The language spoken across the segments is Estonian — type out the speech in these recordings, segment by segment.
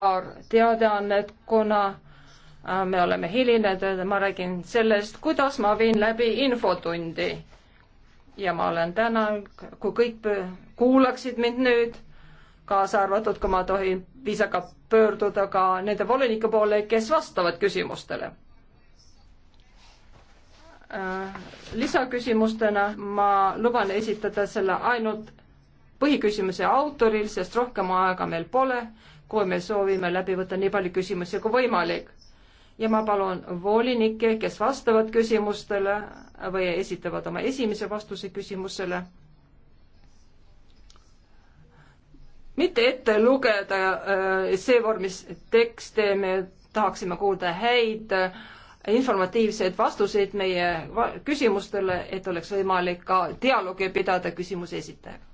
paar teadaannet, kuna äh, me oleme hilinenud, ma räägin sellest, kuidas ma viin läbi infotundi. ja ma olen täna, kui kõik kuulaksid mind nüüd, kaasa arvatud, kui ma tohin viisakalt pöörduda ka nende volinike poole, kes vastavad küsimustele. Äh, lisaküsimustena ma luban esitada selle ainult põhiküsimuse autoril, sest rohkem aega meil pole kui me soovime läbi võtta nii palju küsimusi kui võimalik. ja ma palun volinikke, kes vastavad küsimustele või esitavad oma esimese vastuse küsimusele, mitte ette lugeda äh, see vormis tekste, me tahaksime kuulda häid äh, informatiivseid vastuseid meie küsimustele, et oleks võimalik ka dialoogi pidada küsimuse esitajaga.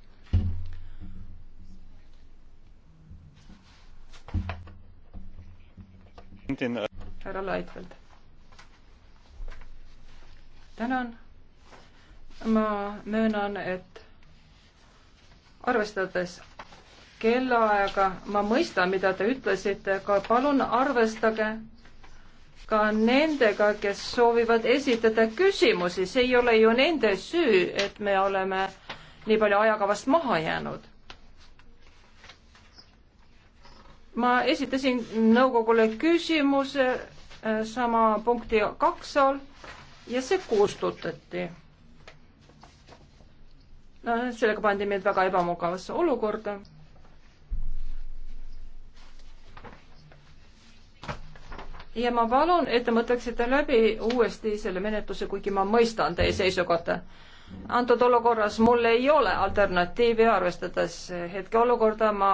Äh, härra Laidfeld. tänan. ma möönan, et arvestades kellaaega, ma mõistan, mida te ütlesite, aga palun arvestage ka nendega, kes soovivad esitada küsimusi, see ei ole ju nende süü, et me oleme nii palju ajakavast maha jäänud. ma esitasin nõukogule küsimuse äh, sama punkti kaks all ja see kustutati. no äh, sellega pandi meid väga ebamugavasse olukorda. ja ma palun, et te mõtleksite läbi uuesti selle menetluse, kuigi ma mõistan teie seisukohta antud olukorras mul ei ole alternatiivi, arvestades hetkeolukorda, ma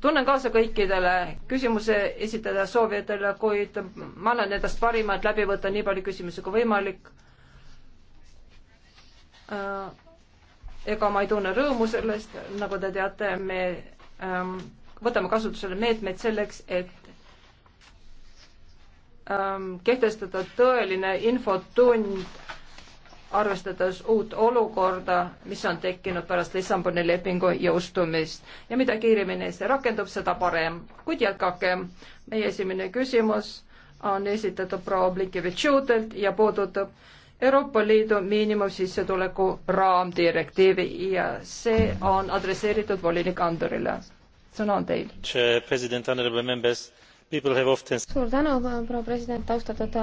tunnen kaasa kõikidele küsimuse esitada soovijatele, kuid ma annan endast parima, et läbi võtta nii palju küsimusi kui võimalik. Äh, ega ma ei tunne rõõmu sellest, nagu te teate, me ähm, võtame kasutusele meetmeid selleks, et ähm, kehtestada tõeline infotund arvestades uut olukorda, mis on tekkinud pärast Lissaboni lepingu jõustumist ja mida kiiremini see rakendub, seda parem. kuid jätkake, meie esimene küsimus on esitatud proua Blinkevitšutelt ja puudutab Euroopa Liidu miinimumsissetuleku raamdirektiivi ja see on adresseeritud volinik Andorile. sõna on teil. president, honorable members Often... suur tänu, proua president, austatud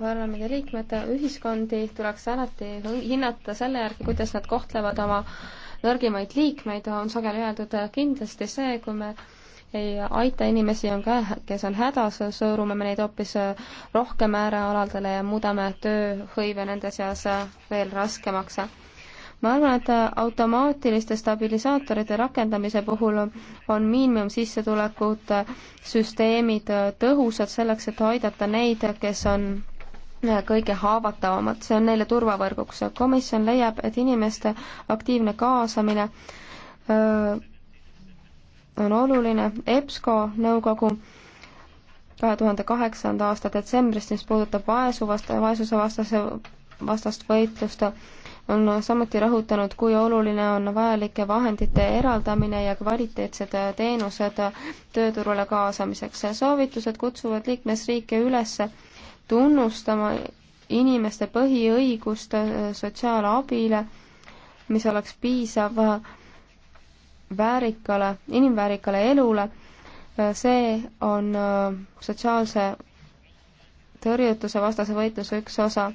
parlamendiliikmed, ühiskondi tuleks alati hinnata selle järgi, kuidas nad kohtlevad oma nõrgimaid liikmeid, on sageli öeldud kindlasti see, kui me ei aita inimesi, on ka, kes on hädas, sõõrume me neid hoopis rohkem äärealadele ja muudame tööhõive nende seas veel raskemaks ma arvan, et automaatiliste stabilisaatorite rakendamise puhul on miinimumsissetulekud äh, süsteemid äh, tõhusad selleks, et aidata neid, kes on äh, kõige haavatavamad, see on neile turvavõrguks. komisjon leiab, et inimeste aktiivne kaasamine öö, on oluline. EBSCO nõukogu kahe tuhande kaheksanda aasta detsembrist, mis puudutab vaesuvast-, vaesusevastase, vastast võitlust, on samuti rõhutanud, kui oluline on vajalike vahendite eraldamine ja kvaliteetsed teenused tööturule kaasamiseks. soovitused kutsuvad liikmesriike üles tunnustama inimeste põhiõigust sotsiaalabile, mis oleks piisav väärikale, inimväärikale elule. see on sotsiaalse tõrjutuse vastase võitluse üks osa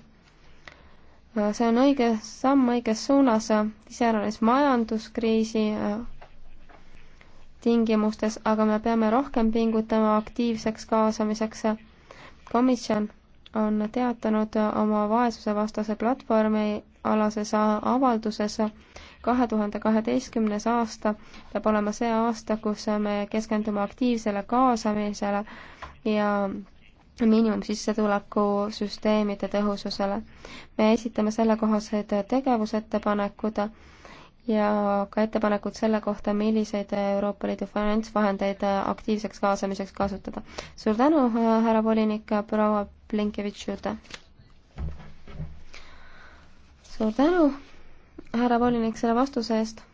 see on õige samm õiges suunas, iseäranis majanduskriisi äh, tingimustes, aga me peame rohkem pingutama aktiivseks kaasamiseks. komisjon on teatanud oma vaesusevastase platvormi alases avalduses kahe tuhande kaheteistkümnes aasta peab olema see aasta, kus me keskendume aktiivsele kaasamisele ja miinimumsissetuleku süsteemide tõhususele. me esitame sellekohased tegevusettepanekud ja ka ettepanekud selle kohta, milliseid Euroopa Liidu finantsvahendeid aktiivseks kaasamiseks kasutada. suur tänu, härra volinik, proua Blinkevitš-Jude! suur tänu, härra volinik, selle vastuse eest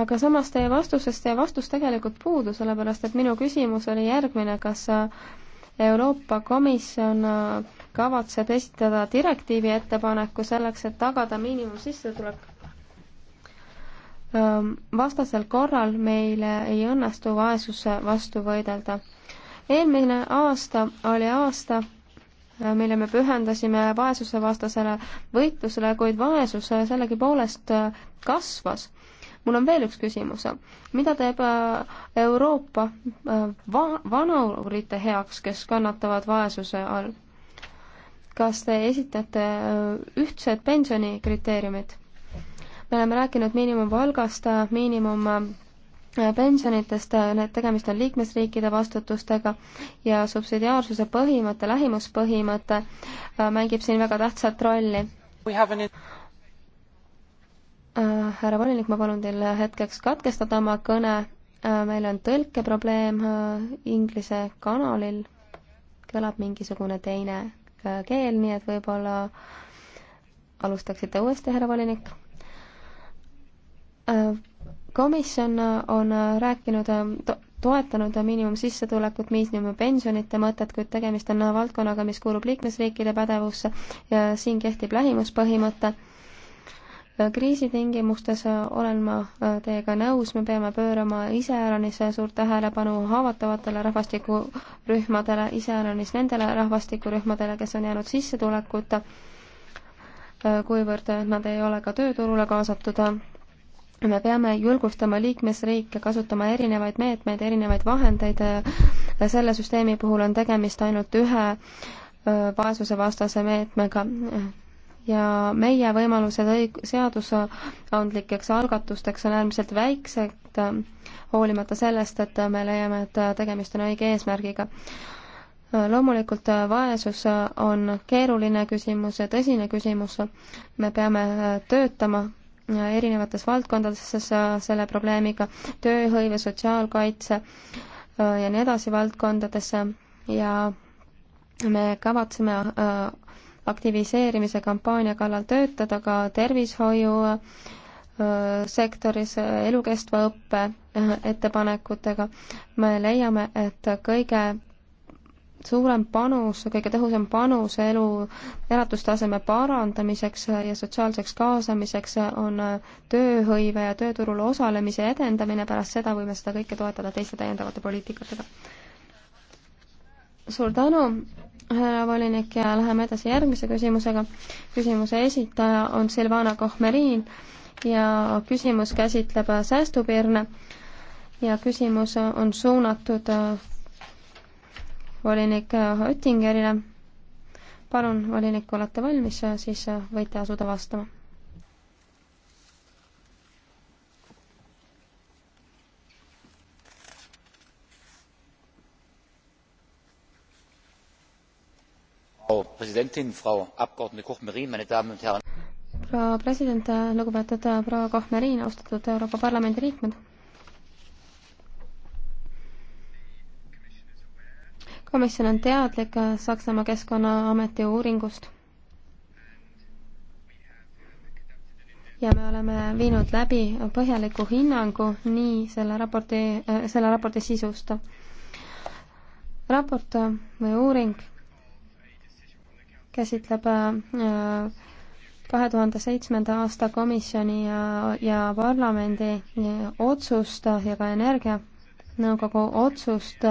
aga samas teie vastusest see vastus tegelikult puudu, sellepärast et minu küsimus oli järgmine, kas äh, Euroopa Komisjon äh, kavatseb esitada direktiivi ettepaneku selleks, et tagada miinimumsissetulek. Ähm, vastasel korral meile ei õnnestu vaesuse vastu võidelda. eelmine aasta oli aasta, äh, mille me pühendasime vaesusevastasele võitlusele, kuid vaesus sellegipoolest kasvas mul on veel üks küsimus. mida teeb äh, Euroopa äh, va-, vanurite heaks, kes kannatavad vaesuse all? kas te esitate äh, ühtsed pensionikriteeriumid? me oleme rääkinud miinimumpalgast, miinimum pensionitest, need tegemist on liikmesriikide vastutustega ja subsidiaarsuse põhimõte, lähimuspõhimõte mängib siin väga tähtsat rolli. Äh, härra volinik, ma palun teil hetkeks katkestada oma kõne. Äh, meil on tõlkeprobleem äh, Inglise kanalil, kõlab mingisugune teine keel, nii et võib-olla alustaksite uuesti, härra volinik komisjon on rääkinud to, toetanud miinimumsissetulekut, miinimumpensionite mõtet, kuid tegemist on valdkonnaga, mis kuulub liikmesriikide pädevusse ja siin kehtib lähimuspõhimõte kriisitingimustes äh, olen ma äh, teiega nõus, me peame pöörama iseäranis äh, suurt tähelepanu haavatavatele rahvastikurühmadele, iseäranis nendele rahvastikurühmadele, kes on jäänud sissetulekuta, kuivõrd nad ei ole ka tööturule kaasatud. me peame julgustama liikmesriike kasutama erinevaid meetmeid, erinevaid vahendeid. selle süsteemi puhul on tegemist ainult ühe vaesusevastase meetmega ja meie võimalused õig-, seadusandlikeks algatusteks on äärmiselt väiksed, hoolimata sellest, et me leiame, et tegemist on õige eesmärgiga. loomulikult vaesus on keeruline küsimus ja tõsine küsimus, me peame töötama erinevates valdkondades selle probleemiga, tööhõive, sotsiaalkaitse ja nii edasi valdkondadesse ja me kavatseme aktiviseerimise kampaania kallal töötada ka tervishoiu äh, sektoris äh, elukestva õppe äh, ettepanekutega. me leiame, et kõige suurem panus, kõige tõhusam panus elu elatustaseme parandamiseks ja sotsiaalseks kaasamiseks on tööhõive ja tööturul osalemise edendamine, pärast seda võime seda kõike toetada teiste täiendavate poliitikatega suur tänu, härra volinik ja läheme edasi järgmise küsimusega. küsimuse esitaja on Silvana Kohmeriin ja küsimus käsitleb säästupiirne ja küsimus on suunatud äh, volinik Oettingerile. palun, volinik, olete valmis, äh, siis äh, võite asuda vastama frau präsidentin frau abgeordnete koch merin meine damen und herren! proua president äh, lugupeetud proua äh, koch merin austatud euroopa parlamendi liikmed! komisjon on teadlik äh, saksamaa keskkonnaameti uuringust ja me oleme viinud läbi põhjaliku hinnangu nii selle raporti selle raporti sisust raport või uuring käsitleb äh, kahe tuhande seitsmenda aasta komisjoni ja, ja parlamendi otsust ja ka energianõukogu otsust.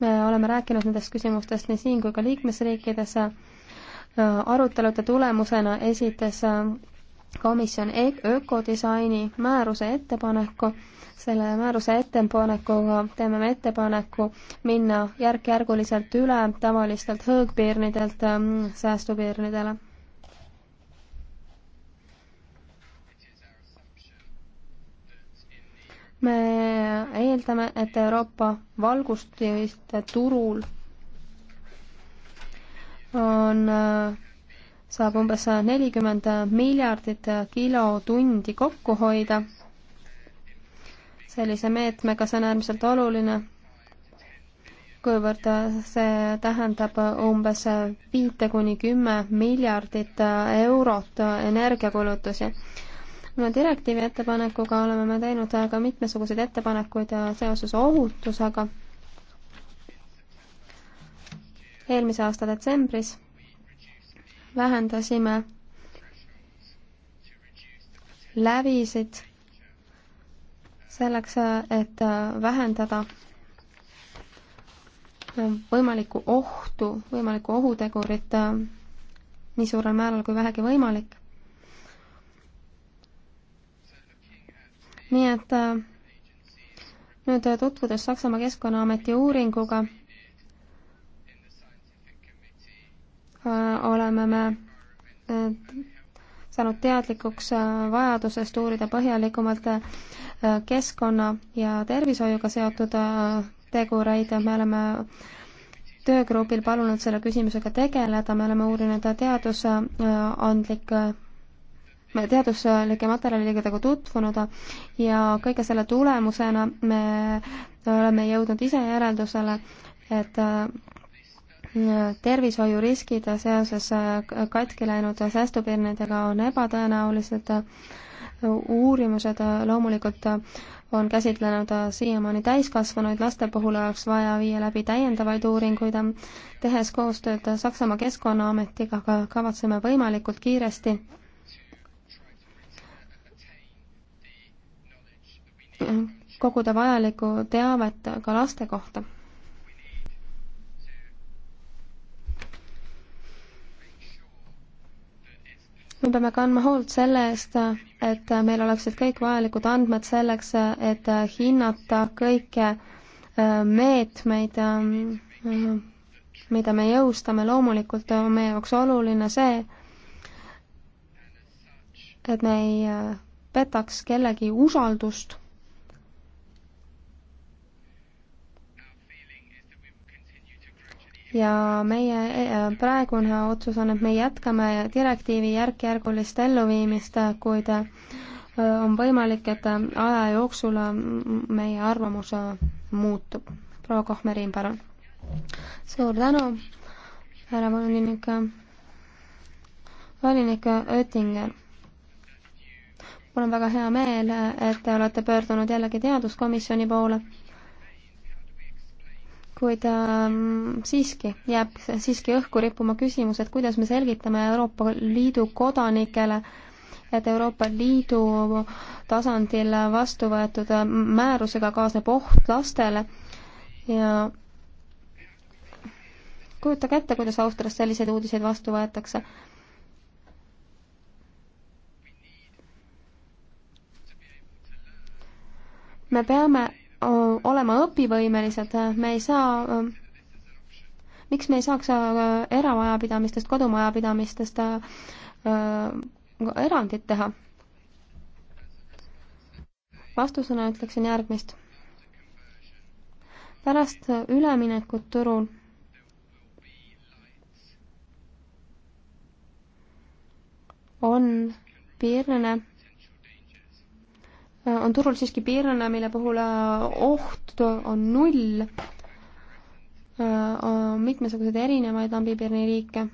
me oleme rääkinud nendest küsimustest nii siin kui ka liikmesriikides. Äh, arutelude tulemusena esitas äh, komisjon e- ökodisaini määruse ettepaneku. selle määruse ettepanekuga teeme me ettepaneku minna järk-järguliselt üle tavalistelt hõõgpiirnidelt ähm, säästupiirnidele. me eeldame, et Euroopa valgustiste turul on äh, saab umbes nelikümmend miljardit kilotundi kokku hoida. sellise meetmega see on äärmiselt oluline, kuivõrd see tähendab umbes viite kuni kümme miljardit eurot energiakulutusi. no direktiivi ettepanekuga oleme me teinud ka mitmesuguseid ettepanekuid seoses ohutusega. eelmise aasta detsembris vähendasime lävisid selleks, et vähendada võimalikku ohtu, võimalikku ohutegurit nii suurel määral kui vähegi võimalik. nii et äh, nüüd tutvudes Saksamaa Keskkonnaameti uuringuga Äh, oleme me äh, saanud teadlikuks äh, vajadusest uurida põhjalikumalt keskkonna ja tervishoiuga seotud tegureid, me oleme töögrupil palunud selle küsimusega tegeleda, me oleme uurinud teadusandlikke teaduslike materjalidega tutvunud ja kõige selle tulemusena me oleme jõudnud ise järeldusele, et tervishoiuriskid seoses äh, katki läinud säästupiirnidega on ebatõenäolised. Äh, uurimused äh, loomulikult on käsitlenud siiamaani täiskasvanuid, laste puhul oleks vaja viia läbi täiendavaid uuringuid. tehes koostööd Saksamaa Keskkonnaametiga kavatseme võimalikult kiiresti koguda vajalikku teavet ka laste kohta me peame kandma hoolt selle eest, et meil oleksid kõik vajalikud andmed selleks, et hinnata kõiki äh, meetmeid, äh, mida me jõustame, loomulikult on meie jaoks oluline see, et me ei äh, petaks kellegi usaldust ja meie eh, praegune otsus on, et me jätkame direktiivi järk-järgulist elluviimist, kuid eh, on võimalik, et aja jooksul eh, meie arvamus muutub. proua Kohmeriin, palun. suur tänu, härra volinik, volinik Oettinger mul on väga hea meel, et te olete pöördunud jällegi teaduskomisjoni poole kuid ähm, siiski jääb siiski õhku rippuma küsimus, et kuidas me selgitame Euroopa Liidu kodanikele, et Euroopa Liidu tasandil vastu võetud äh, määrusega kaasneb oht lastele ja kujutage ette, kuidas Austrias selliseid uudiseid vastu võetakse. me peame Äh, olema õpivõimelised, me ei saa, äh, miks me ei saaks äh, eramajapidamistest, kodumajapidamistest erandit teha? vastusena ütleksin järgmist. pärast üleminekut turul on piirne Äh, on turul siiski piirkonna, mille puhul äh, oht on null. Äh, on mitmesuguseid erinevaid lambipiirni liike.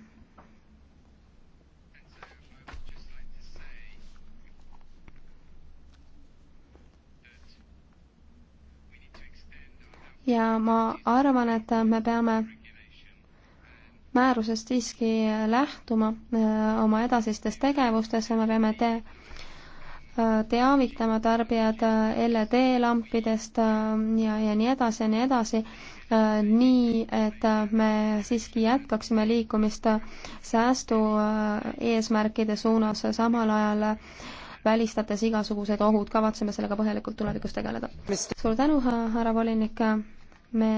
ja ma arvan, et me peame määrusest siiski lähtuma öö, oma edasistes tegevustes ja me peame te-, Äh, teavitama tarbijad äh, LED lampidest äh, ja, ja nii edasi ja nii edasi, nii et me siiski jätkaksime liikumist säästu eesmärkide suunas, samal ajal välistades igasugused ohud, kavatseme sellega põhjalikult tulevikus tegeleda. suur tänu, härra volinik, me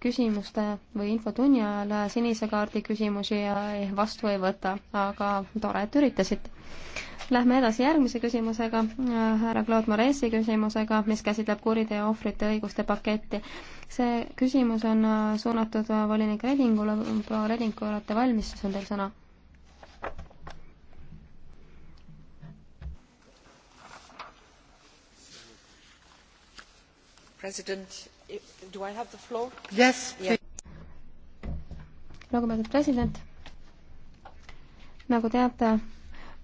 küsimuste või infotunni ajal sinise kaardi küsimusi vastu ei võta, aga tore, et üritasite Lähme edasi järgmise küsimusega, härra Claude Moresi küsimusega, mis käsitleb kuriteo ohvrite õiguste paketti. see küsimus on äh, suunatud äh, volinik Redingule, proua Reding, kui olete valmis, siis on teil sõna. president, do I have the floor? Yes yeah.. lugupeetud president, nagu teate,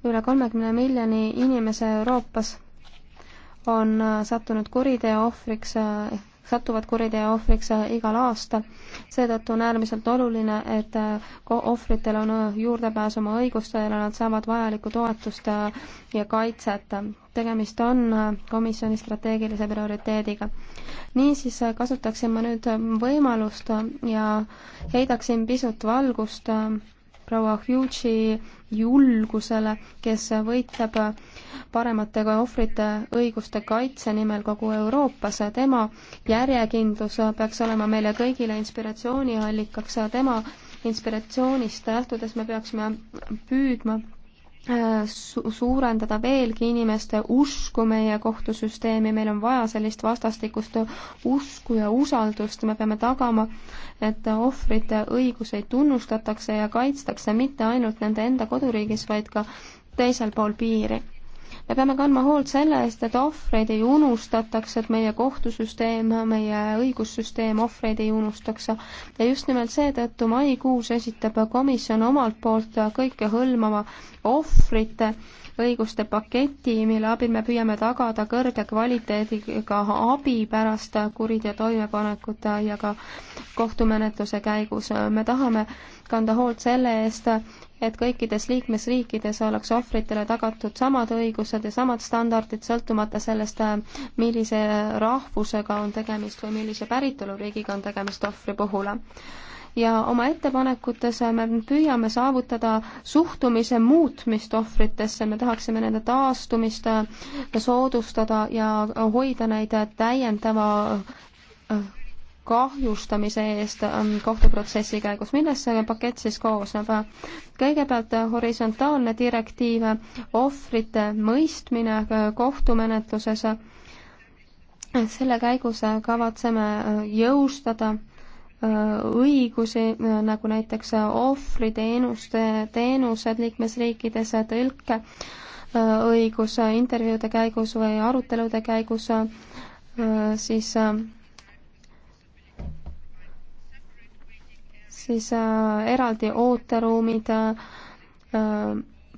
üle kolmekümne miljoni inimese Euroopas on äh, sattunud kuriteo ohvriks, äh, satuvad kuriteo ohvriks äh, igal aastal. seetõttu on äärmiselt oluline, et ohvritel on juurdepääs oma õigustele, nad saavad vajalikku toetust ja kaitset. tegemist on komisjoni strateegilise prioriteediga. niisiis kasutaksin ma nüüd võimalust ja heidaksin pisut valgust proua Hughes' julgusele, kes võitleb paremate ohvrite õiguste kaitse nimel kogu Euroopas. tema järjekindlus peaks olema meile kõigile inspiratsiooniallikaks, tema inspiratsioonist lähtudes me peaksime püüdma Äh, su-, suurendada veelgi inimeste usku meie kohtusüsteemi, meil on vaja sellist vastastikust usku ja usaldust, me peame tagama, et ohvrite õiguseid tunnustatakse ja kaitstakse mitte ainult nende enda koduriigis, vaid ka teisel pool piiri me peame kandma hoolt selle eest, et ohvreid ei unustataks, et meie kohtusüsteem, meie õigussüsteem ohvreid ei unustaks. ja just nimelt seetõttu maikuus esitab komisjon omalt poolt kõikehõlmava ohvrite õiguste paketi, mille abil me püüame tagada kõrge kvaliteediga abi pärast kuriteo toimepanekut ja ka kohtumenetluse käigus. me tahame kanda hoolt selle eest, et kõikides liikmesriikides oleks ohvritele tagatud samad õigused ja samad standardid, sõltumata sellest, millise rahvusega on tegemist või millise päritoluriigiga on tegemist ohvri puhul ja oma ettepanekutes me püüame saavutada suhtumise muutmist ohvritesse, me tahaksime nende taastumist äh, soodustada ja hoida neid täiendava äh, kahjustamise eest äh, kohtuprotsessi käigus. millest see pakett siis koosneb? kõigepealt horisontaalne direktiiv, ohvrite mõistmine kohtumenetluses selle käigus kavatseme jõustada õigusi, nagu näiteks ohvriteenuste, teenused liikmesriikides, tõlke õigus intervjuude käigus või arutelude käigus, siis siis eraldi ooteruumid,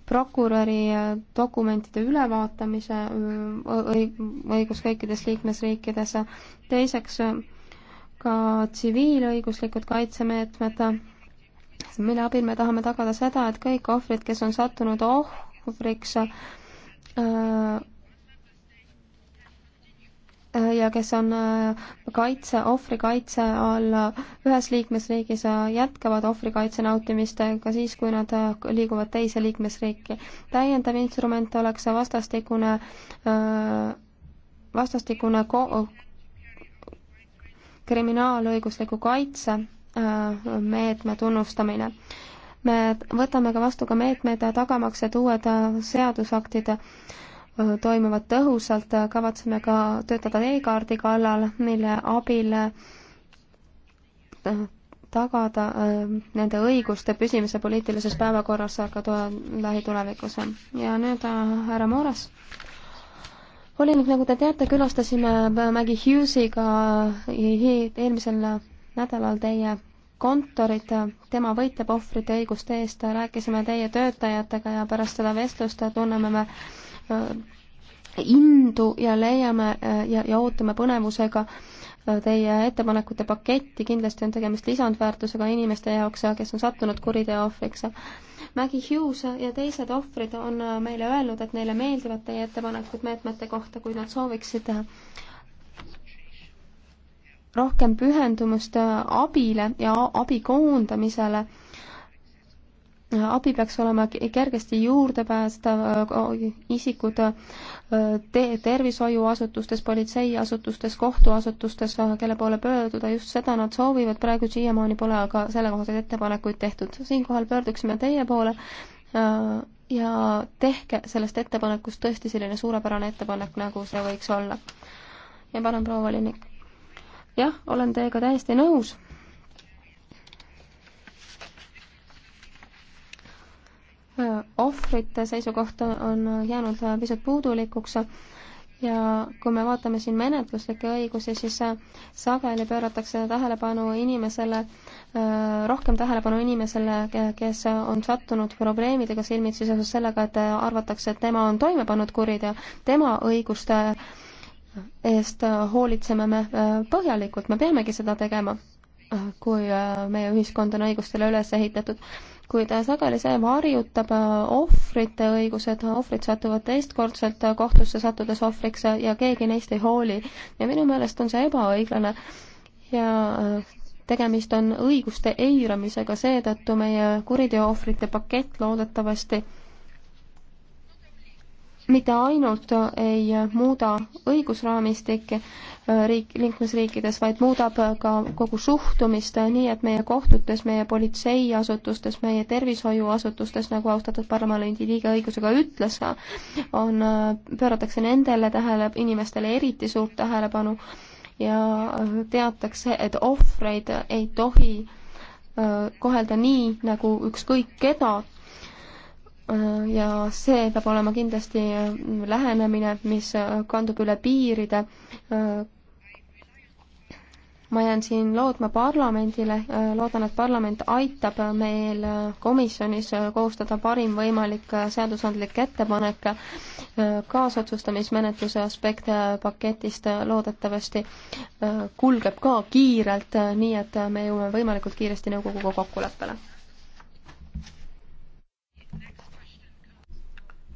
prokuröri dokumentide ülevaatamise õigus kõikides liikmesriikides, teiseks ka tsiviilõiguslikud kaitsemeetmed, mille abil me tahame tagada seda, et kõik ohvrid, kes on sattunud ohvriks äh, ja kes on äh, kaitse, ohvrikaitse all ühes liikmesriigis, äh, jätkavad ohvrikaitse nautimist ka siis, kui nad liiguvad teise liikmesriiki. täiendav instrument oleks vastastikune vastastikune ko-, kriminaalõigusliku kaitse äh, meetme tunnustamine. me võtame ka vastu ka meetmed tagamaks, et uued äh, seadusaktid äh, toimuvad tõhusalt, kavatseme ka töötada e-kaardi kallal, mille abil tagada nende õiguste püsimise poliitilises päevakorras ka lähitulevikus. ja nüüd härra Moores volinik, nagu te teate, külastasime Maggie Hughesiga eelmisel nädalal teie kontorit, tema võitleb ohvrite õiguste eest, rääkisime teie töötajatega ja pärast seda vestlust tunneme me äh, indu ja leiame äh, ja, ja ootame põnevusega äh, teie ettepanekute paketti, kindlasti on tegemist lisandväärtusega inimeste jaoks, kes on sattunud kuriteo ohvriks Maggie Hughes ja teised ohvrid on äh, meile öelnud, et neile meeldivad teie ettepanekud meetmete kohta, kuid nad sooviksid äh, rohkem pühendumust äh, abile ja abi koondamisele abi peaks olema kergesti juurdepäästav äh, isikud äh, te tervishoiuasutustes, politseiasutustes, kohtuasutustes, äh, kelle poole pöörduda, just seda nad soovivad, praegu siiamaani pole aga sellekohaseid ettepanekuid tehtud. siinkohal pöörduksime teie poole ja tehke sellest ettepanekust tõesti selline suurepärane ettepanek, nagu see võiks olla. ja palun, proua volinik. jah, olen teiega täiesti nõus ohvrite seisukoht on jäänud pisut puudulikuks ja kui me vaatame siin menetluslikke õigusi, siis sageli pööratakse tähelepanu inimesele, äh, rohkem tähelepanu inimesele, kes on sattunud probleemidega silmitsi seoses sellega, et arvatakse, et tema on toime pannud kuriteo, tema õiguste eest hoolitseme me äh, põhjalikult, me peamegi seda tegema, äh, kui meie ühiskond on õigustele üles ehitatud kuid sageli see varjutab äh, ohvrite õigused, ohvrid satuvad teistkordselt äh, kohtusse sattudes ohvriks äh, ja keegi neist ei hooli. ja minu meelest on see ebaõiglane ja tegemist on õiguste eiramisega, seetõttu meie kuriteo ohvrite pakett loodetavasti mitte ainult ei muuda õigusraamistikke äh, riik, liikmesriikides, vaid muudab ka kogu suhtumist, nii et meie kohtutes, meie politseiasutustes, meie tervishoiuasutustes, nagu austatud parlamendi liige õigusega ütles, on, pööratakse nendele tähele, inimestele eriti suurt tähelepanu ja teatakse, et ohvreid ei tohi äh, kohelda nii, nagu ükskõik keda Äh, ja see peab olema kindlasti äh, lähenemine, mis äh, kandub üle piiride. ma jään siin lootma parlamendile, loodan, et parlament aitab meil komisjonis koostada parim võimalik seadusandlik ettepanek kaasotsustamismenetluse aspekte paketist loodetavasti kulgeb ka kiirelt, nii et me jõuame võimalikult kiiresti nõukoguga kokkuleppele.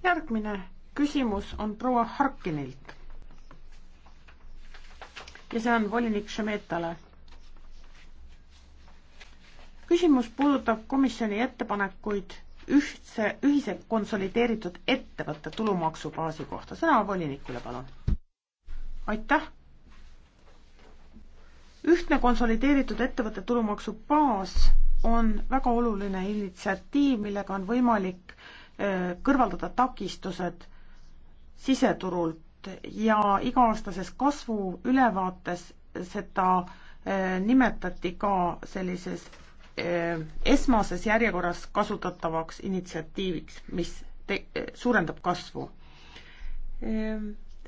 järgmine küsimus on proua Harkinilt. ja see on volinik Šemetale. küsimus puudutab komisjoni ettepanekuid ühtse, ühise konsolideeritud ettevõtte tulumaksubaasi kohta. sõna volinikule, palun. aitäh ühtne konsolideeritud ettevõtte tulumaksubaas on väga oluline initsiatiiv, millega on võimalik Äh, kõrvaldada takistused siseturult ja iga-aastases kasvuülevaates seda äh, nimetati ka sellises äh, esmases järjekorras kasutatavaks initsiatiiviks, mis te-, suurendab kasvu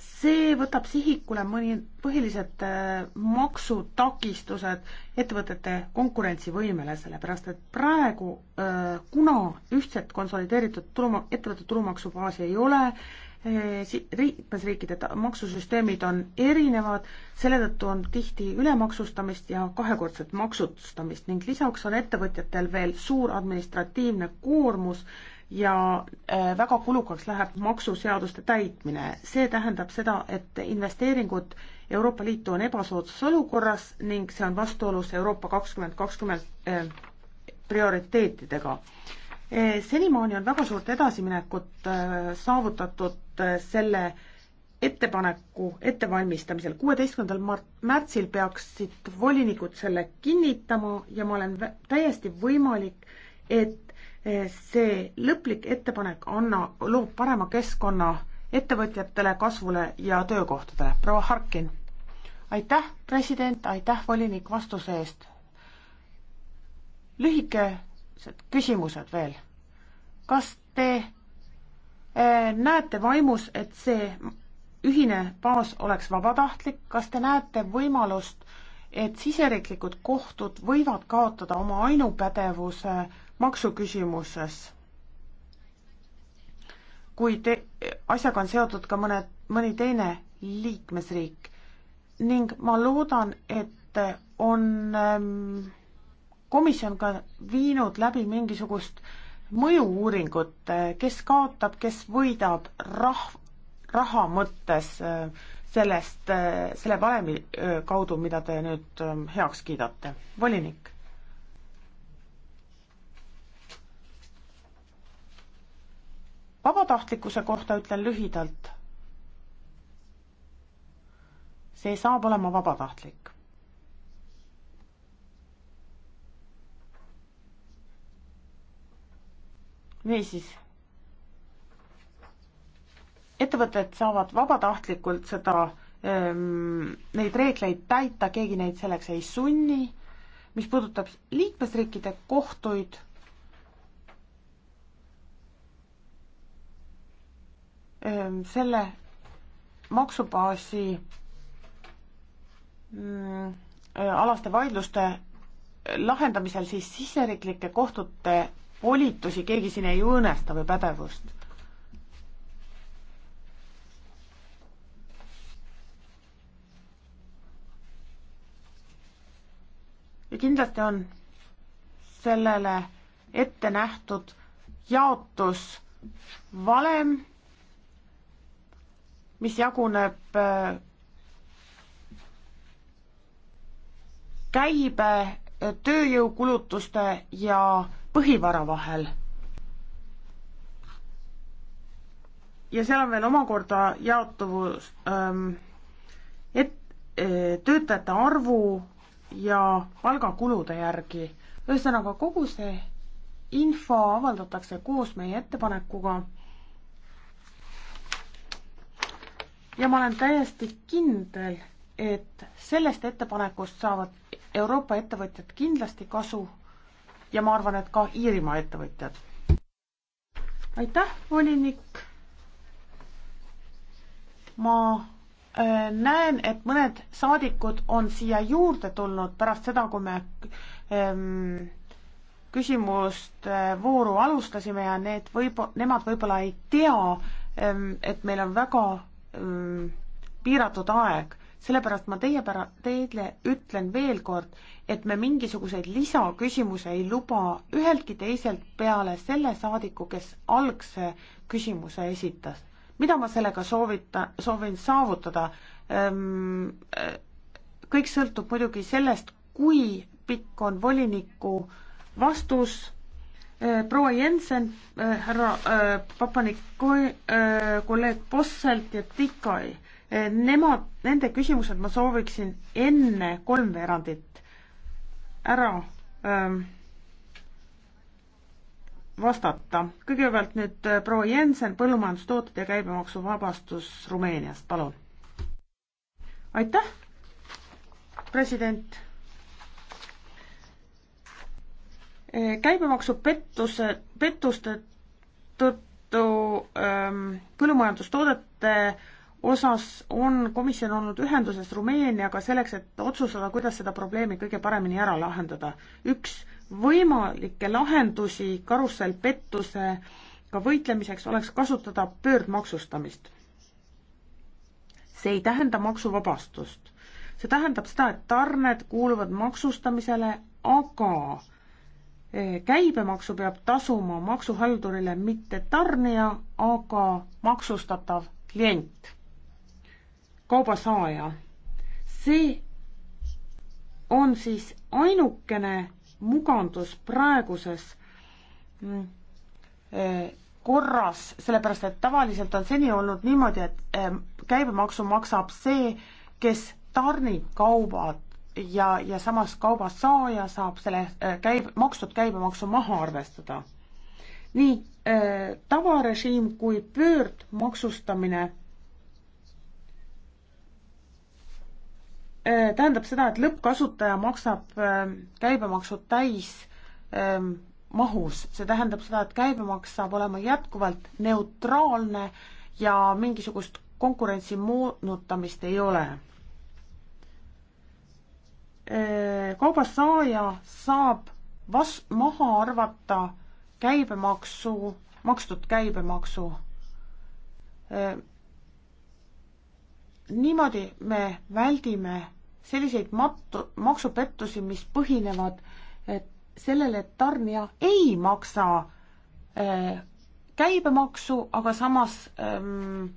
see võtab sihikule mõni põhilised äh, maksutakistused ettevõtete konkurentsivõimele, sellepärast et praegu, äh, kuna ühtset konsolideeritud tuluma-, ettevõtte tulumaksubaasi ei ole, äh, liikmesriikide maksusüsteemid on erinevad, selle tõttu on tihti ülemaksustamist ja kahekordset maksustamist ning lisaks on ettevõtjatel veel suur administratiivne koormus, ja äh, väga kulukaks läheb maksuseaduste täitmine. see tähendab seda, et investeeringud Euroopa Liitu on ebasoodsas olukorras ning see on vastuolus Euroopa kakskümmend kakskümmend äh, prioriteetidega. Äh, senimaani on väga suurt edasiminekut saavutatud selle ettepaneku ettevalmistamisel. kuueteistkümnendal märtsil peaksid volinikud selle kinnitama ja ma olen täiesti võimalik, et see lõplik ettepanek anna, loob parema keskkonna ettevõtjatele, kasvule ja töökohtadele. proua Harkin, aitäh, president, aitäh, volinik, vastuse eest. lühikesed küsimused veel. kas te eh, näete vaimus, et see ühine baas oleks vabatahtlik, kas te näete võimalust, et siseriiklikud kohtud võivad kaotada oma ainupädevuse maksuküsimuses. kui te, asjaga on seotud ka mõne, mõni teine liikmesriik ning ma loodan, et on ähm, komisjon ka viinud läbi mingisugust mõju-uuringut, kes kaotab, kes võidab rah-, raha mõttes äh, sellest, äh, selle valemi äh, kaudu, mida te nüüd ähm, heaks kiidate, volinik vabatahtlikkuse kohta ütlen lühidalt. see saab olema vabatahtlik. niisiis, ettevõtted saavad vabatahtlikult seda, ähm, neid reegleid täita, keegi neid selleks ei sunni. mis puudutab liikmesriikide kohtuid selle maksubaasi mm, alaste vaidluste lahendamisel siis siseriiklike kohtute volitusi keegi siin ei õõnesta või pädevust? ja kindlasti on sellele ette nähtud jaotusvalem mis jaguneb äh, käibe, äh, tööjõukulutuste ja põhivara vahel. ja seal on veel omakorda jaotuvus ähm, et äh, töötajate arvu ja palgakulude järgi. ühesõnaga, kogu see info avaldatakse koos meie ettepanekuga ja ma olen täiesti kindel, et sellest ettepanekust saavad Euroopa ettevõtjad kindlasti kasu ja ma arvan, et ka Iirimaa ettevõtjad. aitäh, volinik. ma äh, näen, et mõned saadikud on siia juurde tulnud pärast seda, kui me ähm, küsimust äh, vooru alustasime ja need võib-, nemad võib-olla ei tea, ähm, et meil on väga mm, piiratud aeg, sellepärast ma teie pära-, teile ütlen veel kord, et me mingisuguseid lisaküsimusi ei luba üheltki teiselt peale selle saadiku, kes algse küsimuse esitas. mida ma sellega soovita, soovin saavutada? Ehm, kõik sõltub muidugi sellest, kui pikk on voliniku vastus Äh, proua Jensen, äh, härra äh, Papanik, kolleeg Posselt ja Tikai, nemad, nende küsimused ma sooviksin enne kolmveerandit ära ähm, vastata. kõigepealt nüüd proua Jensen, põllumajandustootjate käibemaksuvabastus Rumeeniast, palun. aitäh, president Äh, käibemaksupettuse, pettuste tõttu ähm, põllumajandustoodete osas on komisjon olnud ühenduses Rumeeniaga selleks, et otsustada, kuidas seda probleemi kõige paremini ära lahendada. üks võimalikke lahendusi karussellpettusega võitlemiseks oleks kasutada pöördmaksustamist. see ei tähenda maksuvabastust. see tähendab seda, et tarned kuuluvad maksustamisele, aga Eh, käibemaksu peab tasuma maksuhaldurile mitte tarnija, aga maksustatav klient, kaubasaaja. see on siis ainukene mugandus praeguses mm, eh, korras, sellepärast et tavaliselt on seni olnud niimoodi, et eh, käibemaksu maksab see, kes tarnib kaubad ja, ja samas kauba saaja saab selle äh, käib, makstud käibemaksu maha arvestada. nii äh, tavarežiim kui pöördmaksustamine äh, tähendab seda, et lõppkasutaja maksab käibemaksu täis ähm, mahus, see tähendab seda, et käibemaks saab olema jätkuvalt neutraalne ja mingisugust konkurentsi moonutamist ei ole Äh, kaubasaaja saab vas-, maha arvata käibemaksu, makstud käibemaksu. Äh, niimoodi me väldime selliseid matu-, maksupettusi, mis põhinevad sellele, et tarnija ei maksa äh, käibemaksu, aga samas ähm,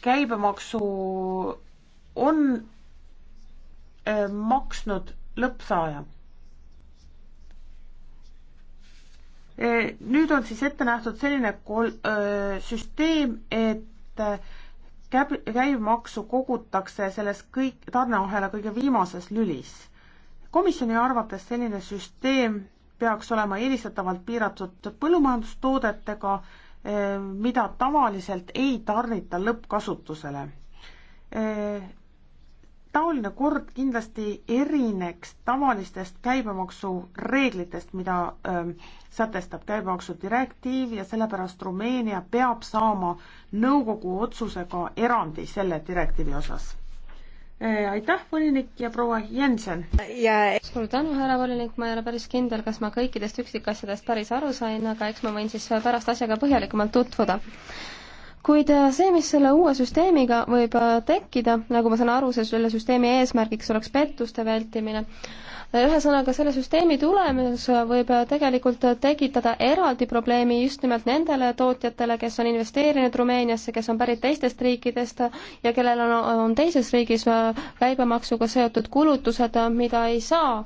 käibemaksu on Äh, maksnud lõppsaaja. Äh, nüüd on siis ette nähtud selline kol-, äh, süsteem, et käib, käibemaksu kogutakse selles kõik, tarneahela kõige viimases lülis. komisjoni arvates selline süsteem peaks olema eelistatavalt piiratud põllumajandustoodetega, mida tavaliselt ei tarnita lõppkasutusele taoline kord kindlasti erineks tavalistest käibemaksureeglitest, mida ähm, sätestab käibemaksudirektiiv ja sellepärast Rumeenia peab saama nõukogu otsusega erandi selle direktiivi osas äh,. aitäh, volinik ja proua Jensen ja...! suur tänu, härra volinik, ma ei ole päris kindel, kas ma kõikidest üksikasjadest päris aru sain, aga eks ma võin siis pärast asjaga põhjalikumalt tutvuda kuid äh, see, mis selle uue süsteemiga võib äh, tekkida, nagu ma saan aru, see selle süsteemi eesmärgiks oleks pettuste vältimine, ühesõnaga, selle süsteemi tulemus võib äh, tegelikult tekitada eraldi probleemi just nimelt nendele tootjatele, kes on investeerinud Rumeeniasse, kes on pärit teistest riikidest ja kellel on, on teises riigis käibemaksuga seotud kulutused, mida ei saa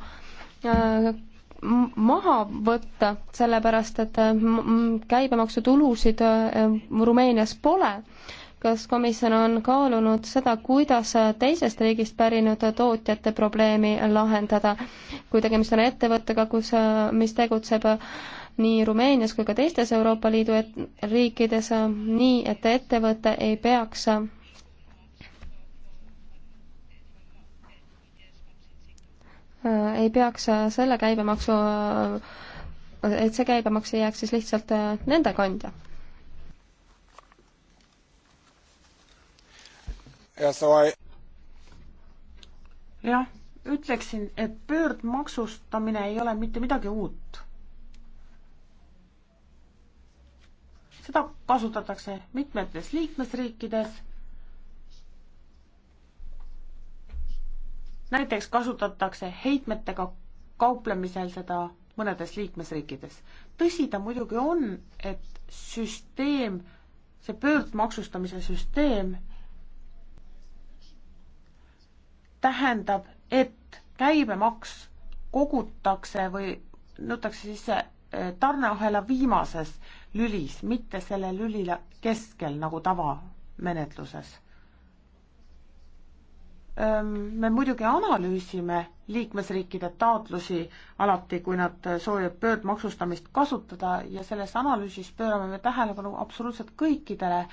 maha võtta, sellepärast et äh, käibemaksutulusid äh, Rumeenias pole. kas komisjon on kaalunud seda, kuidas äh, teisest riigist pärinud tootjate probleemi lahendada, kui tegemist on ettevõttega, kus, mis tegutseb nii Rumeenias kui ka teistes Euroopa Liidu riikides, nii et ettevõte ei peaks Äh, ei peaks äh, selle käibemaksu, äh, et see käibemaks ei jääks siis lihtsalt nende kandja. jah, ütleksin, et pöördmaksustamine ei ole mitte midagi uut. seda kasutatakse mitmetes liikmesriikides näiteks kasutatakse heitmetega kauplemisel seda mõnedes liikmesriikides. tõsi ta muidugi on, et süsteem, see pöördmaksustamise süsteem tähendab, et käibemaks kogutakse või nõutakse sisse eh, tarneahela viimases lülis, mitte selle lülile keskel nagu tavamenetluses me muidugi analüüsime liikmesriikide taotlusi alati, kui nad soovivad pöördmaksustamist kasutada ja selles analüüsis pöörame me tähelepanu absoluutselt kõikidele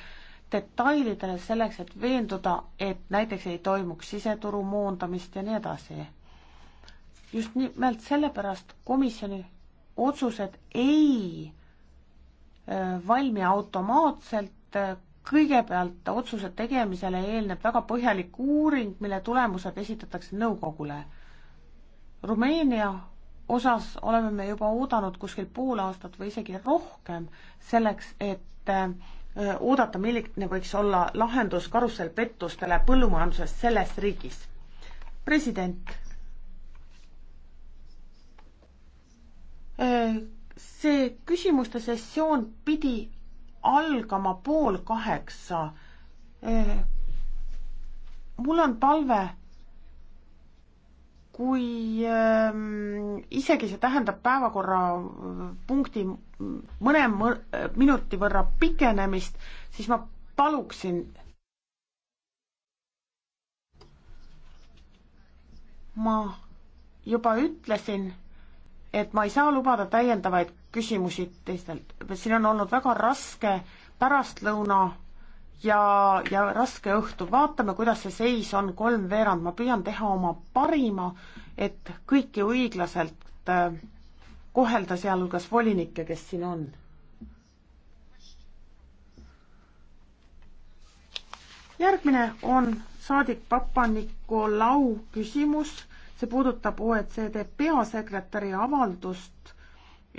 detailidele selleks, et veenduda, et näiteks ei toimuks siseturu moondamist ja nii edasi. just nimelt sellepärast komisjoni otsused ei valmi automaatselt kõigepealt otsuse tegemisele eelneb väga põhjalik uuring, mille tulemused esitatakse nõukogule. Rumeenia osas oleme me juba oodanud kuskil pool aastat või isegi rohkem selleks, et äh, oodata, milline võiks olla lahendus karussellpettustele põllumajanduses selles riigis. president. Äh, see küsimuste sessioon pidi algama pool kaheksa. Eh, mul on palve, kui ehm, isegi see tähendab päevakorrapunkti eh, mõne eh, minuti võrra pikenemist, siis ma paluksin ma juba ütlesin et ma ei saa lubada täiendavaid küsimusi teistelt, siin on olnud väga raske pärastlõuna ja, ja raske õhtu, vaatame, kuidas see seis on, kolmveerand, ma püüan teha oma parima, et kõiki õiglaselt äh, kohelda, sealhulgas volinikke, kes siin on järgmine on saadik Papa-Nikolau küsimus see puudutab OECD peasekretäri avaldust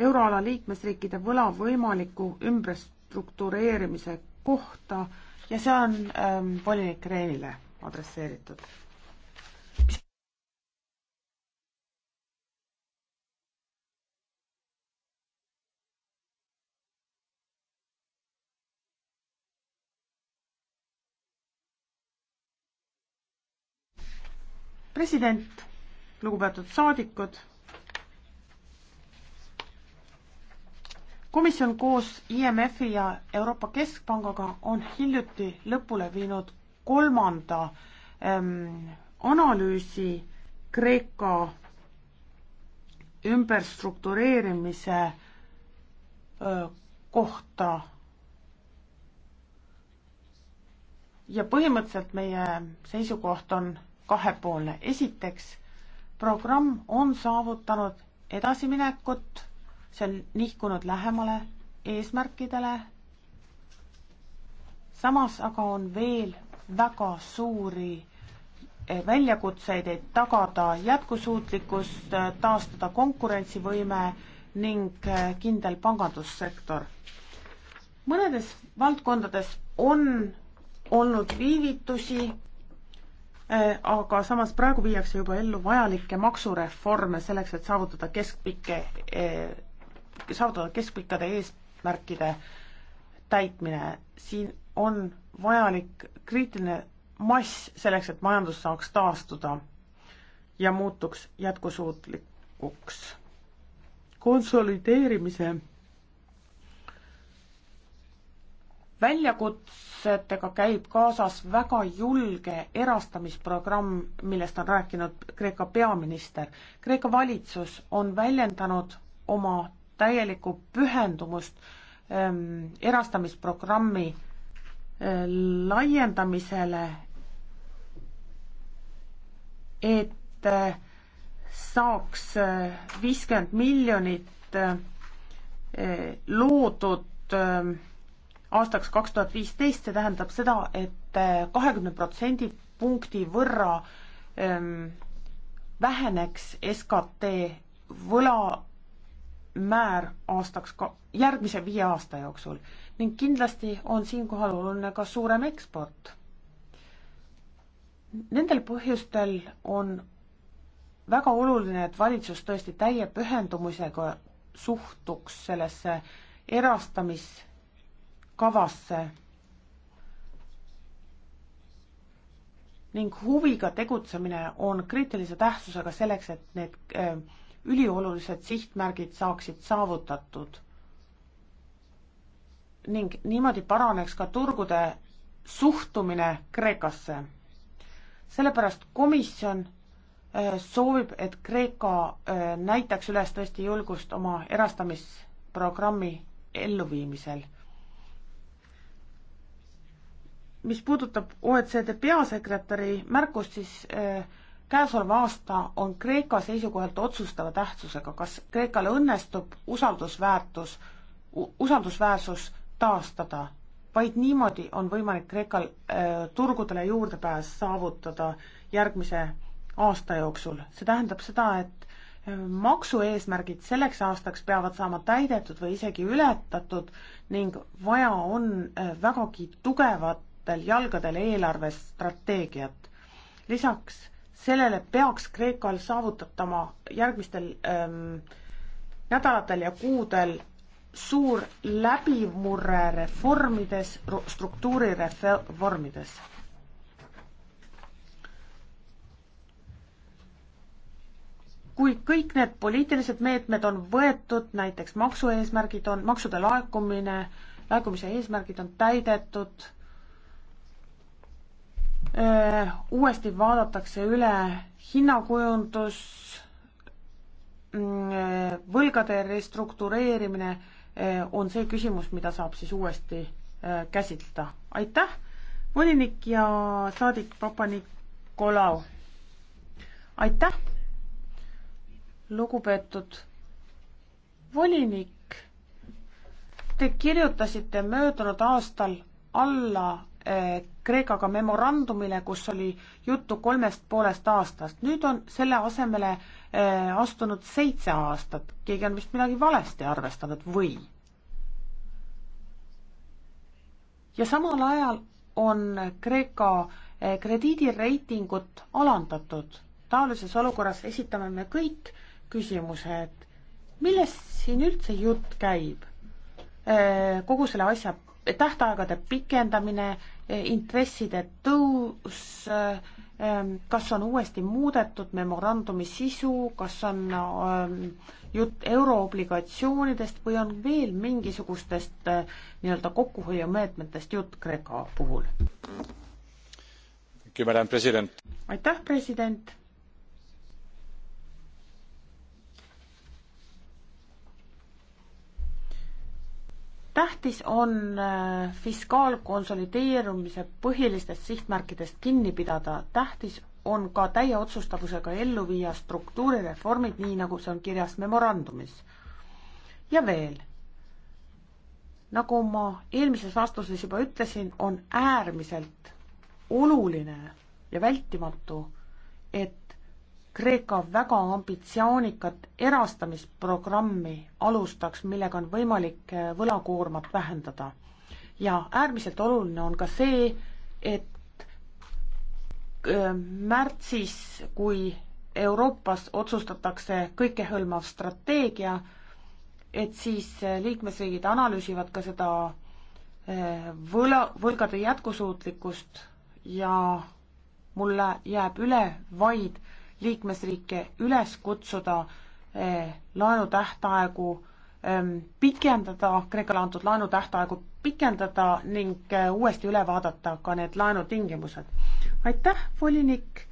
euroala liikmesriikide võla võimaliku ümberstruktureerimise kohta ja see on ähm, volinik Rehnile adresseeritud. president lugupeetud saadikud. komisjon koos IMF-i ja Euroopa Keskpangaga on hiljuti lõpule viinud kolmanda ähm, analüüsi Kreeka ümberstruktureerimise öö, kohta. ja põhimõtteliselt meie seisukoht on kahepoolne, esiteks programm on saavutanud edasiminekut, see on nihkunud lähemale eesmärkidele, samas aga on veel väga suuri eh, väljakutseid, et tagada jätkusuutlikkust, eh, taastada konkurentsivõime ning eh, kindel pangandussektor. mõnedes valdkondades on olnud viivitusi Äh, aga samas praegu viiakse juba ellu vajalikke maksureforme selleks, et saavutada keskpikke, äh, saavutada keskpikkade eesmärkide täitmine. siin on vajalik kriitiline mass selleks, et majandus saaks taastuda ja muutuks jätkusuutlikuks. konsolideerimise väljakutsetega käib kaasas väga julge erastamisprogramm, millest on rääkinud Kreeka peaminister. Kreeka valitsus on väljendanud oma täielikku pühendumust ähm, erastamisprogrammi äh, laiendamisele, et äh, saaks äh, viiskümmend äh, miljonit äh, äh loodud äh, aastaks kaks tuhat viisteist, see tähendab seda et, et äh, kahekümne protsendipunkti võrra ähm, väheneks SKT võlamäär aastaks ka järgmise viie aasta jooksul ning kindlasti on siinkohal oluline ka suurem eksport. Nendel põhjustel on väga oluline, et valitsus tõesti täie pühendumusega suhtuks sellesse erastamis- kavasse. ning huviga tegutsemine on kriitilise tähtsusega selleks, et need äh, üliolulised sihtmärgid saaksid saavutatud. ning niimoodi paraneks ka turgude suhtumine Kreekasse. sellepärast komisjon äh, soovib, et Kreeka äh, näitaks üles tõesti julgust oma erastamisprogrammi elluviimisel mis puudutab OECD peasekretäri märkust, siis äh, käesoleva aasta on Kreeka seisukohalt otsustava tähtsusega, kas Kreekale õnnestub usaldusväärtus, usaldusväärsus taastada. vaid niimoodi on võimalik Kreekal äh, turgudele juurdepääs saavutada järgmise aasta jooksul. see tähendab seda, et äh, maksueesmärgid selleks aastaks peavad saama täidetud või isegi ületatud ning vaja on vägagi tugevat kindlatel jalgadel eelarvestrateegiat. lisaks sellele peaks Kreekal saavutatama järgmistel ähm, nädalatel ja kuudel suur läbimurre reformides, struktuurireformides. kui kõik need poliitilised meetmed on võetud, näiteks maksueesmärgid on, maksude laekumine, laekumise eesmärgid on täidetud Äh, uuesti vaadatakse üle hinnakujundus, mm, äh, võlgade restruktureerimine äh, on see küsimus, mida saab siis uuesti käsitleda. aitäh, volinik ja saadik Papa-Nikolau. aitäh, lugupeetud volinik. Te kirjutasite möödunud aastal alla Äh, Kreekaga memorandumile, kus oli juttu kolmest poolest aastast. nüüd on selle asemele äh, astunud seitse aastat. keegi on vist midagi valesti arvestanud või? ja samal ajal on Kreeka äh, krediidireitingut alandatud. taolises olukorras esitame me kõik küsimuse, et millest siin üldse jutt käib? kogu selle asja tähtaegade pikendamine, intresside tõus, ähm, kas on uuesti muudetud memorandumi sisu, kas on ähm, jutt euroobligatsioonidest või on veel mingisugustest äh, nii-öelda kokkuhoiumeetmetest jutt Kreeka puhul? aitäh, president! tähtis on äh, fiskaalkonsolideerumise põhilistest sihtmärkidest kinni pidada, tähtis on ka täie otsustavusega ellu viia struktuurireformid, nii nagu see on kirjas memorandumis. ja veel, nagu ma eelmises vastuses juba ütlesin, on äärmiselt oluline ja vältimatu, et Kreeka väga ambitsioonikat erastamisprogrammi alustaks, millega on võimalik eh, võlakoormat vähendada. ja äärmiselt oluline on ka see, et eh, märtsis, kui Euroopas otsustatakse kõikehõlmav strateegia, et siis eh, liikmesriigid analüüsivad ka seda võla, võlgade jätkusuutlikkust ja mulle jääb üle vaid liikmesriike üles kutsuda eh, laenu tähtaegu ehm, pikendada, Kreekale antud laenu tähtaegu pikendada ning eh, uuesti üle vaadata ka need laenutingimused. aitäh, volinik.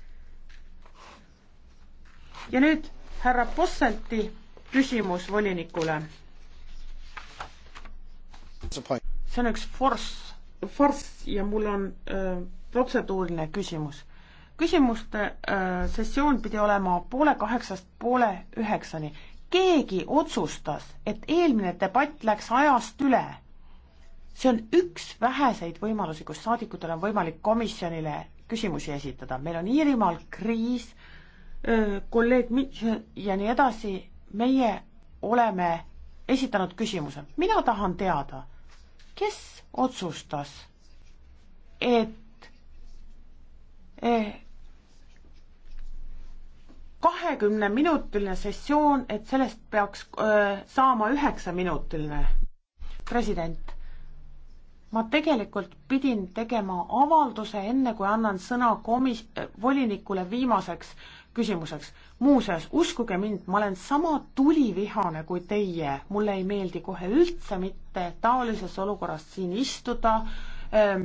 ja nüüd härra Posselti küsimus volinikule. see on üks forss, farss ja mul on öö, eh, protseduuriline küsimus küsimuste äh, sessioon pidi olema poole kaheksast poole üheksani. keegi otsustas, et eelmine debatt läks ajast üle. see on üks väheseid võimalusi, kus saadikutel on võimalik komisjonile küsimusi esitada, meil on Iirimaal kriis, äh, kolleeg ja nii edasi, meie oleme esitanud küsimuse, mina tahan teada, kes otsustas, et eh, kahekümneminutiline sessioon, et sellest peaks öö, saama üheksaminutiline. president, ma tegelikult pidin tegema avalduse, enne kui annan sõna komis-, volinikule viimaseks küsimuseks. muuseas, uskuge mind, ma olen sama tulivihane kui teie, mulle ei meeldi kohe üldse mitte taolises olukorras siin istuda öö,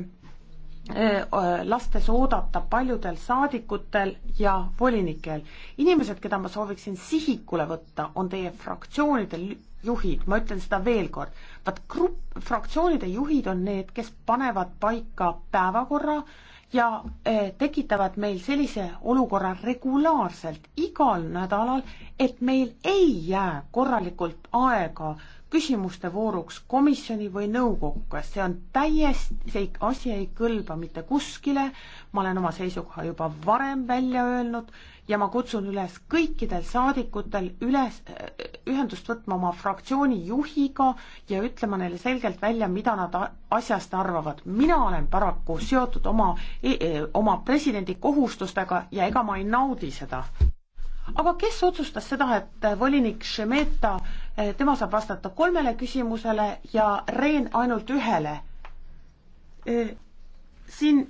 lastes oodata paljudel saadikutel ja volinikel. inimesed, keda ma sooviksin sihikule võtta, on teie fraktsioonide juhid, ma ütlen seda veel kord, vaat grupp, fraktsioonide juhid on need, kes panevad paika päevakorra ja tekitavad meil sellise olukorra regulaarselt igal nädalal, et meil ei jää korralikult aega äh, küsimuste vooruks komisjoni või nõukokku, see on täiesti, see asi ei kõlba mitte kuskile, ma olen oma seisukoha juba varem välja öelnud ja ma kutsun üles kõikidel saadikutel üles, ühendust võtma oma fraktsiooni juhiga ja ütlema neile selgelt välja, mida nad asjast arvavad. mina olen paraku seotud oma, e, e, oma presidendi kohustustega ja ega ma ei naudi seda aga kes otsustas seda, et äh, volinik Šemeta, äh, tema saab vastata kolmele küsimusele ja Rein ainult ühele? Äh, siin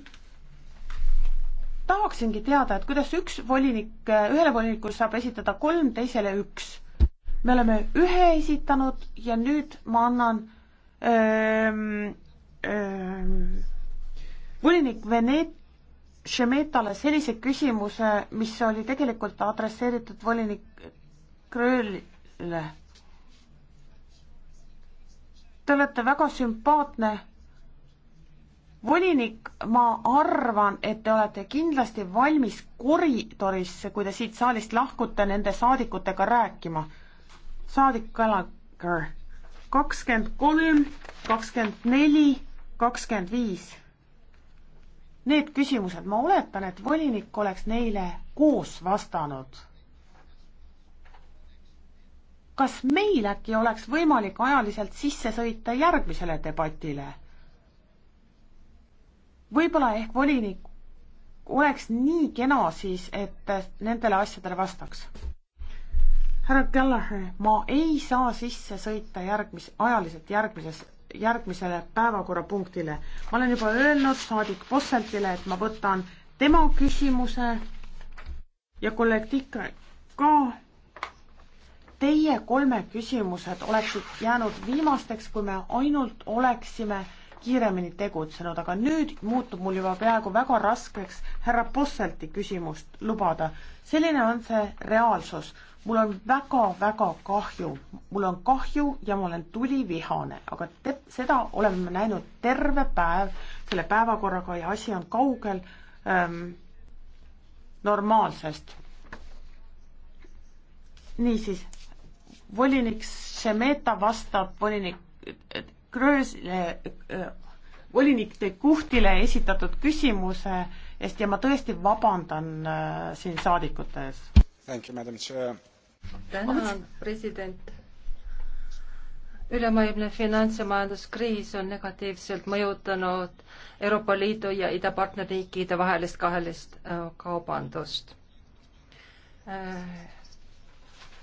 tahaksingi teada, et kuidas üks volinik, ühele volinikule saab esitada kolm, teisele üks. me oleme ühe esitanud ja nüüd ma annan öö, ähm, öö, ähm, volinik Venet-, Šemetale sellise küsimuse, mis oli tegelikult adresseeritud volinik Kröölile. Te olete väga sümpaatne volinik, ma arvan, et te olete kindlasti valmis koridorisse, kui te siit saalist lahkute, nende saadikutega rääkima. saadik Kalaker, kakskümmend kolm, kakskümmend neli, kakskümmend viis need küsimused, ma oletan, et volinik oleks neile koos vastanud. kas meil äkki oleks võimalik ajaliselt sisse sõita järgmisele debatile? võib-olla ehk volinik oleks nii kena siis, et nendele asjadele vastaks? härra Kellehe, ma ei saa sisse sõita järgmis-, ajaliselt järgmises järgmisele päevakorrapunktile. ma olen juba öelnud saadik Posseltile, et ma võtan tema küsimuse ja kolleeg Tikre ka. Teie kolme küsimused oleksid jäänud viimasteks, kui me ainult oleksime kiiremini tegutsenud, aga nüüd muutub mul juba peaaegu väga raskeks härra Posselti küsimust lubada. selline on see reaalsus mul on väga-väga kahju, mul on kahju ja ma olen tulivihane, aga te-, seda oleme me näinud terve päev selle päevakorraga ja asi on kaugel ähm, normaalsest. niisiis, volinik Šemeta vastab volinik äh, Kröösile äh,, volinik De Kuhtile esitatud küsimuse eest ja ma tõesti vabandan äh, siin saadikute ees. Thank you, madam chair tänan, president. ülemaailmne finants- ja majanduskriis on negatiivselt mõjutanud Euroopa Liidu ja idapartnerriikide vahelist kahelist äh, kaubandust. Äh,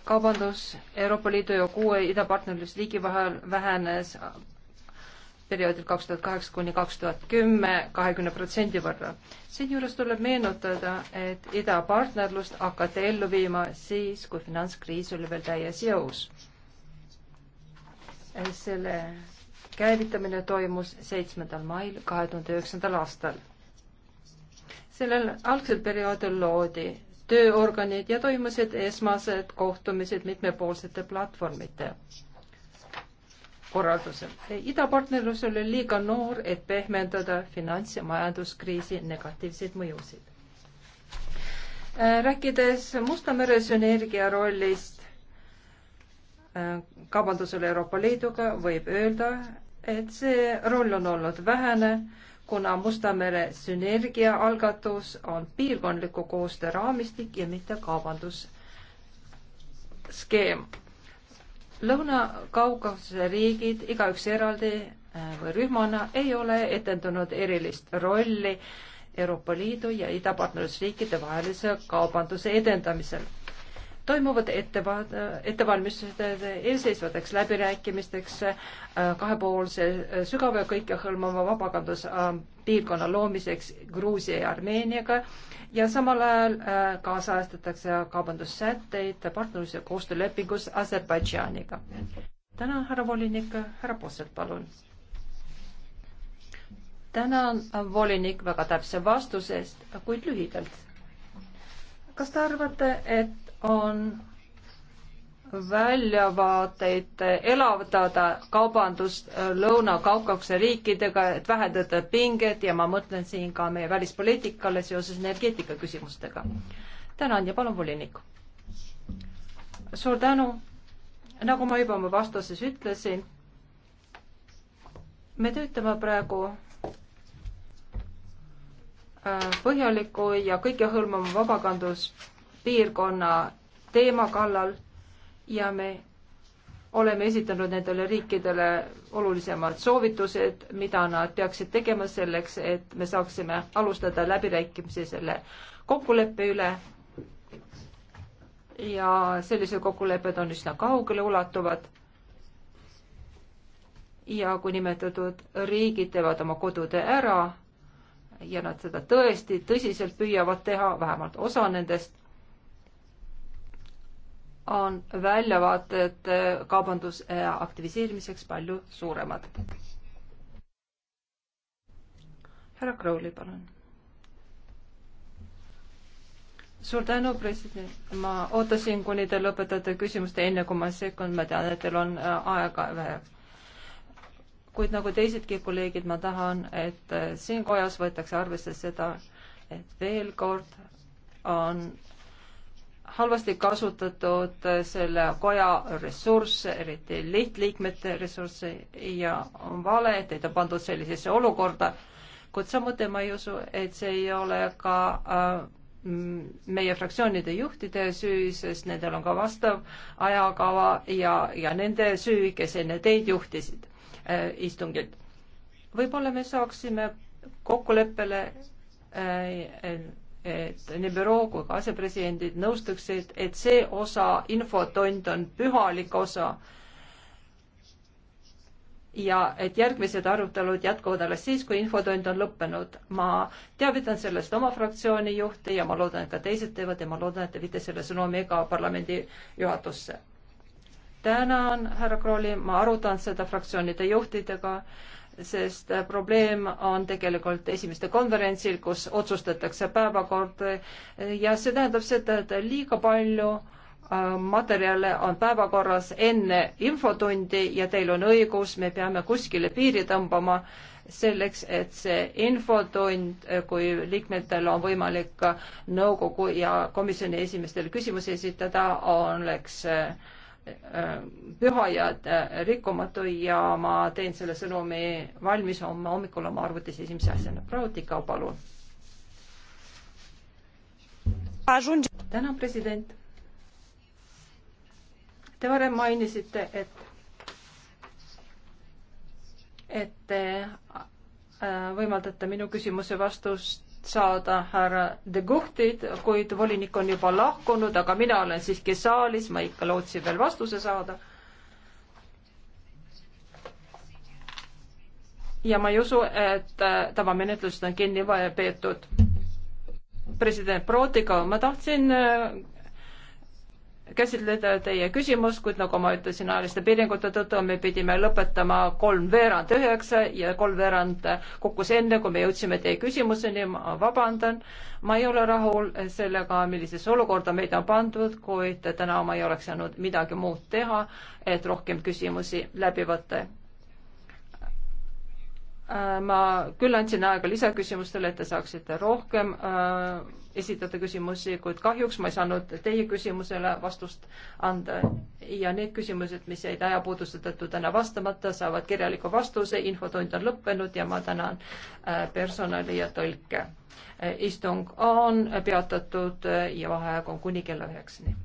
kaubandus Euroopa Liidu ja kuue idapartnerlusriigi vahel vähenes perioodil kaks tuhat kaheksa kuni kaks tuhat kümme kahekümne protsendi võrra. siinjuures tuleb meenutada, et idapartnerlust hakati ellu viima siis, kui finantskriis oli veel täies jõus. selle käivitamine toimus seitsmendal mail kahe tuhande üheksandal aastal. sellel algsel perioodil loodi tööorganid ja toimusid esmased kohtumised mitmepoolsete platvormide korralduse. idapartnerlus oli liiga noor, et pehmendada finants- ja majanduskriisi negatiivseid mõjusid. Äh, rääkides Musta mere sünergia rollist äh, kaubandusele Euroopa Liiduga, võib öelda, et see roll on olnud vähene, kuna Musta mere sünergia algatus on piirkondliku koostöö raamistik ja mitte kaubandusskeem Lõuna-Kaukasuse riigid igaüks eraldi äh, või rühmana ei ole etendunud erilist rolli Euroopa Liidu ja idapartnerlusriikide vahelise kaubanduse edendamisel toimuvad etteva-, ettevalmistused eelseisvateks läbirääkimisteks äh, kahepoolse äh, sügava ja kõikehõlmava vabakanduspiirkonna loomiseks Gruusia ja Armeeniaga ja samal ajal äh, kaasajastatakse kaubandussätteid partnerlus- ja koostöölepingus Aserbaidžaaniga. tänan, härra volinik, härra Posselt, palun tänan volinik väga täpse vastuse eest, kuid lühidalt. kas te arvate, et on väljavaateid elavdada kaubandust Lõuna-Kaukakuse riikidega, et vähendada pinget ja ma mõtlen siin ka meie välispoliitikale seoses energeetika küsimustega. tänan ja palun volinik. suur tänu. nagu ma juba oma vastuses ütlesin, me töötame praegu äh, põhjaliku ja kõikehõlmava vabakandlus piirkonna teema kallal ja me oleme esitanud nendele riikidele olulisemad soovitused, mida nad peaksid tegema selleks, et me saaksime alustada läbirääkimisi selle kokkuleppe üle. ja sellised kokkulepped on üsna kaugele ulatuvad. ja kui nimetatud riigid teevad oma kodude ära ja nad seda tõesti tõsiselt püüavad teha, vähemalt osa nendest on väljavaated eh, kaubanduse aktiviseerimiseks palju suuremad. härra Crowley, palun. suur tänu, president. ma ootasin, kuni te lõpetate küsimuste, enne kui ma sekkun, ma tean, et teil on eh, aega väheks kuid nagu teisedki kolleegid, ma tahan, et eh, siin kojas võetakse arvesse seda, et veel kord on halvasti kasutatud selle koja ressursse, eriti lihtliikmete ressursse ja on vale, et teid on pandud sellisesse olukorda, kuid samuti ma ei usu, et see ei ole ka äh, meie fraktsioonide juhtide süü, sest nendel on ka vastav ajakava ja, ja nende süü, kes enne teid juhtisid äh, istungit. võib-olla me saaksime kokkuleppele äh, et nii büroo kui ka asepresidendid nõustuksid, et see osa, infotund on pühalik osa. ja et järgmised arutelud jätkuvad alles siis, kui infotund on lõppenud. ma teavitan sellest oma fraktsiooni juhti ja ma loodan, et ka teised teevad ja ma loodan, et te viite selle sõnumi ka parlamendi juhatusse. tänan, härra Krooli, ma arutan seda fraktsioonide juhtidega sest probleem on tegelikult esimeste konverentsil, kus otsustatakse päevakord ja see tähendab seda, et liiga palju äh, materjale on päevakorras enne infotundi ja teil on õigus, me peame kuskile piiri tõmbama selleks, et see infotund, äh, kui liikmetel on võimalik nõukogu ja komisjoni esimestele küsimusi esitada, oleks äh, pühajad äh, rikkumatu ja ma teen selle sõnumi valmis homme hommikul oma arvutis esimese asjana. proua Tikau, palun. tänan, president. Te varem mainisite, et et te äh, võimaldate minu küsimuse vastust saada härra De Guhtit, kuid volinik on juba lahkunud, aga mina olen siiski saalis, ma ikka lootsin veel vastuse saada. ja ma ei usu, et äh, tavamenetlust on kinni peetud. president Prootiga ma tahtsin äh, käsitleda teie küsimust, kuid nagu ma ütlesin, ajaliste piirangute tõttu me pidime lõpetama kolmveerand üheksa ja kolmveerand kukkus enne, kui me jõudsime teie küsimuseni, ma vabandan. ma ei ole rahul sellega, millisesse olukorda meid on pandud, kuid täna ma ei oleks saanud midagi muud teha, et rohkem küsimusi läbi võtta Äh, ma küll andsin aega lisaküsimustele, et te saaksite rohkem äh, esitada küsimusi, kuid kahjuks ma ei saanud teie küsimusele vastust anda. ja need küsimused, mis jäid ajapuuduse tõttu täna vastamata, saavad kirjaliku vastuse, infotund on lõppenud ja ma tänan äh, personali ja tõlke äh,. istung on peatatud äh, ja vaheaeg on kuni kella üheksani.